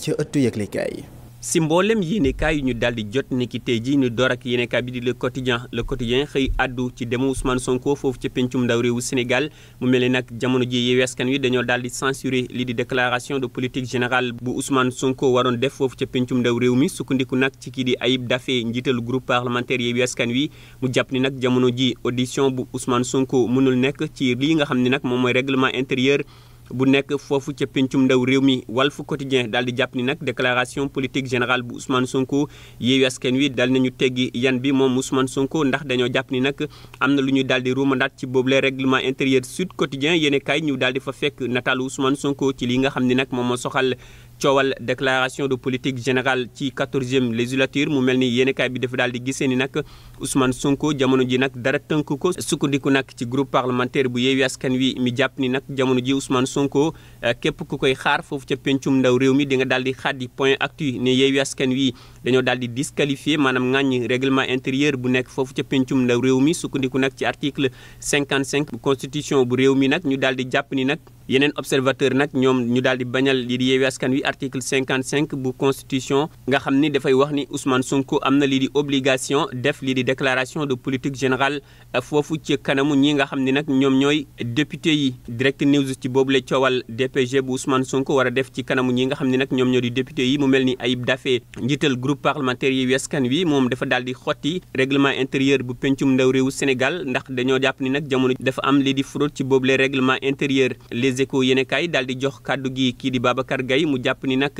ci ëttu yëglekaay yi si mboolem yéenekaay yu ñu daal di jot ni ki tey jii ñu door ak yéenekaay bi di le quotidien le quotidien xëy addu ci demu Ousmane Sonko foofu ca pencum ndaw réewu Sénégal mu mel ni nag jamono ji Yewwi Askan Wi dañoo daal di censurer lii di déclaration de politique général bu Ousmane Sonko waroon def foofu ca pencum ndaw réew mi sukkandiku nag ci kii di Ayib Daffé njiitalu groupe parlementaire Yewwi Askan Wi mu jàpp ni nag jamono ji audition bu Ousmane Sonko mënul nekk ci lii nga xam ne nag moom mooy règlement intérieur bu nekk foofu ca pencum ndaw réew mi Walf Quotidien daal di jàpp ni nag déclaration politique générale bu Ousmane Sonko Yewwi Askan Wi daal nañu teggi yan bi moom Ousmane Sonko ndax dañoo jàpp ni nag am na lu ñu daal di ruumandaat ci boobule règlement intérieur Sud Quotidien yéen kaay ñu daal di fa fekk nataalu Ousmane Sonko ci li nga xam ni nag moom moo soxal coowal déclaration de politique générale ci quatorzième législature mu mel ni yéenekaay bi dafa daal di gisee ni nag Ousmane Sonko jamono ji nag dara tënk ko sukkandiku nag ci groupe parlementaire bu Yewwi Askan Wi mi jàpp ni nag jamono ji Ousmane Sonko eh, képp ku koy xaar foofu ca pencum ndaw réew mi di nga daal di xaddi point actu ne Yewwi Askan Wi dañoo daal di disqualifié maanaam ŋàññi règlement intérieur bu nekk foofu ca pencum ndaw réew mi sukkandiku nag ci article 55 constitution bu réew mi nag ñu daal di jàpp ni nag yeneen observateur nag ñoom ñu daal di bañal lii di yeewi askan wi article cinquante cinq bu constitution nga xam ni dafay wax ni Ousmane Sonko am na lii di obligation def lii di déclaration de politique général euh, foofu ci kanamu ñi nga xam ni nag ñoom ñooy député yi direct news ci boobu la coowal DPG bu Ousmane Sonko war a def ci kanamu ñi nga xam ne nag ñoom ñoo di député yi mu mel ni Ayib Daffé njiital groupe parlementaire Yewwi Askan Wi moom dafa daal di xotti règlement intérieur bu pencum ndaw réewu Sénégal ndax dañoo jàpp ni nag jamono dafa am lii di fraude ci boobu le règlement Les Échos yéenekaay daal di jox kàddu gi kii di Babacar Gaye mu jàpp ni nag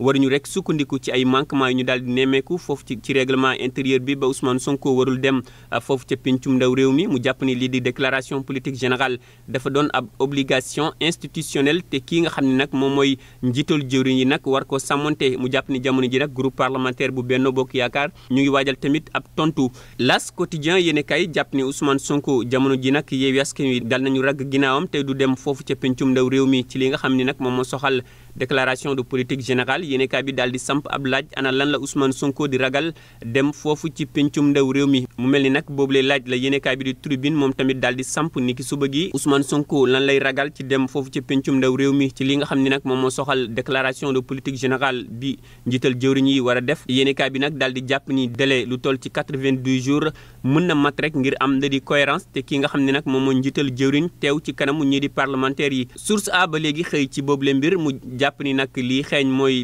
waruñu rek sukkandiku ci ay manquements yi ñu daal di nemmeeku foofu ci ci règlement intérieur bi ba Ousmane Sonko warul dem ah, foofu ca pencum ndaw réew mi mu jàpp ni lii di déclaration politique générale dafa doon ab obligation institutionnelle te kii nga xam ne nag moom mooy njiital jëwriñ yi nag war ko sàmmonte mu jàpp ni jamono ji nag groupe parlementaire bu Benno Bokk Yaakaar ñu ngi waajal tamit ab tontu las quotidien yéen kay jàpp ni Ousmane Sonko jamono ji nag Yewwi Askan dal nañu ragg ginnaawam te du dem foofu ca pencum ndaw réew mi ci li nga xam ni nag moom moo soxal déclaration de politique générale yéenekaay bi daal di samp ab laaj ana lan la Ousmane Sonko di ragal dem foofu ci pencum ndaw réew mi mu mel ni nag boobule laaj la yéenekaay bi di tribune moom tamit daal di samp ni ki suba gi Ousmane Sonko lan lay ragal ci dem foofu ci pencum ndaw réew mi ci li nga xam ni nag moom moo soxal déclaration de politique générale bi njiital jëwriñ yi war a def yéenekaay bi nag daal di jàpp ni délai lu toll ci 92 jours mën na mat rek ngir am da di cohérence te ki nga xam ne nag moom di parlementaires yi source a ba léegi xëy ci boobu le mbir mu jàpp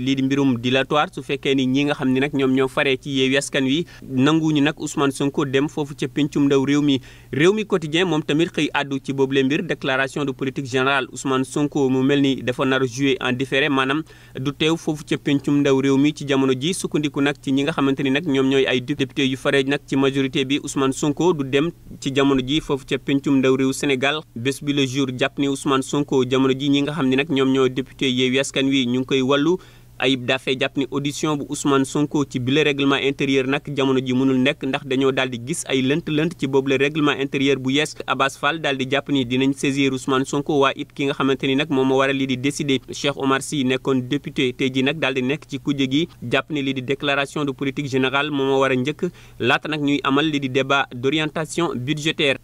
lii di mbirum dilatoire su fekkee ni ñi nga xam ne nag ñoom ñoo faree ci yeewi askan wi nanguñu nag Ousmane Sonko dem foofu ca pencum ndaw réew mi réew mi quotidien moom tamit xëy àddu ci boobule mbir déclaration de politique générale Ousmane Sonko mu mel ni dafa nar a en différé maanaam du teew foofu ca ndaw réew mi ci jamono ji sukkandiku nag ci ñi nga xamante ni nag ñoom ñooy ay député yu faree nag ci majorité bi Ousmane Sonko du dem ci jamono ji foofu ca pencum ndaw réew Sénégal bés bi le jour jàpp ni Ousmane Sonko jamono ji ñi nga xam ne nag ñoom ñoo député Yewwi Askan Wi ñu ngi koy wàllu Ayib Daffé jàpp ni audition bu Ousmane Sonko ci bile règlement intérieur nag jamono ji mënul nekk ndax dañoo daal di gis ay lënt-lënt ci boobule règlement intérieur bu yees Abbas Fall daal di jàpp ni dinañ saisir Ousmane Sonko waa it ki nga xamante ni nag moom moo war a lii di décider Cheikh Omar Sy nekkoon député tey ji nag daal di nekk ci kujje gi jàpp ni lii di déclaration de politique générale moom moo war a njëkk laata nag ñuy amal lii di débat d'orientation budgétaire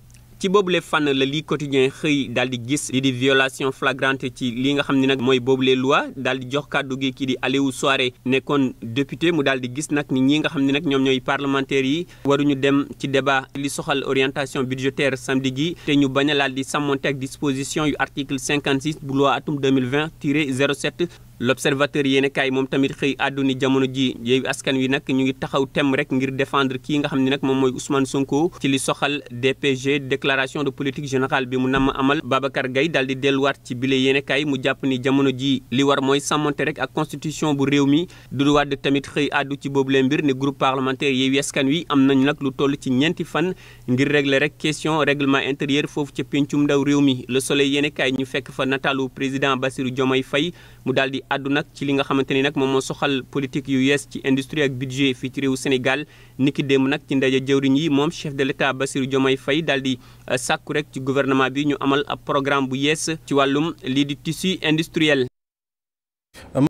ci boobu boobule fànn la lii quotidien xëy daal di gis li di violation flagrante ci li nga xam ni nag mooy boobule loi daal di jox kàddu gi kii di Aliou Souaré nekkoon député mu daal di gis nag ni ñi nga xam ni nag ñoom ñooy parlementaires yi waruñu dem ci débat li soxal orientation budgétaire samedi gi te ñu bañ a laal di sàmmonte ak disposition yu article 56 bu loi atum 2020 tiré 07 l'observateur yéen kaay moom tamit xëy àdduni jamono ji yeewi askan wi nag ñu ngi taxaw tem rek ngir défendre kii nga xam ne nag moom mooy Ousmane Sonko ci li soxal DPG déclaration de politique générale bi mu namm amal Babacar gay daal di delluwaat ci bile yéen mu jàpp ni jamono ji li war mooy sàmmonte rek ak constitution bu réew mi du du Wade tamit xëy addu ci boobu leen mbir ne groupe parlementaire yeewi askan wi am nañu nag lu toll ci ñeenti fan ngir régler rek question règlement intérieur foofu ca péncum ndaw réew mi Le Soleil yéen kaay ñu fekk fa nataalu président Bassirou Diomaye Faye mu daal àddu nag ci li nga xamante ni nag moom moo soxal politique yu yees ci industrie ak budget fii ci réewu Sénégal niki démb nag ci ndaje jëwriñ yi moom chef de l'État Bassirou jomay fay daal di euh, sàkku rek ci gouvernement bi ñu amal ab programme bu yees ci wàllum lii di tissu industriel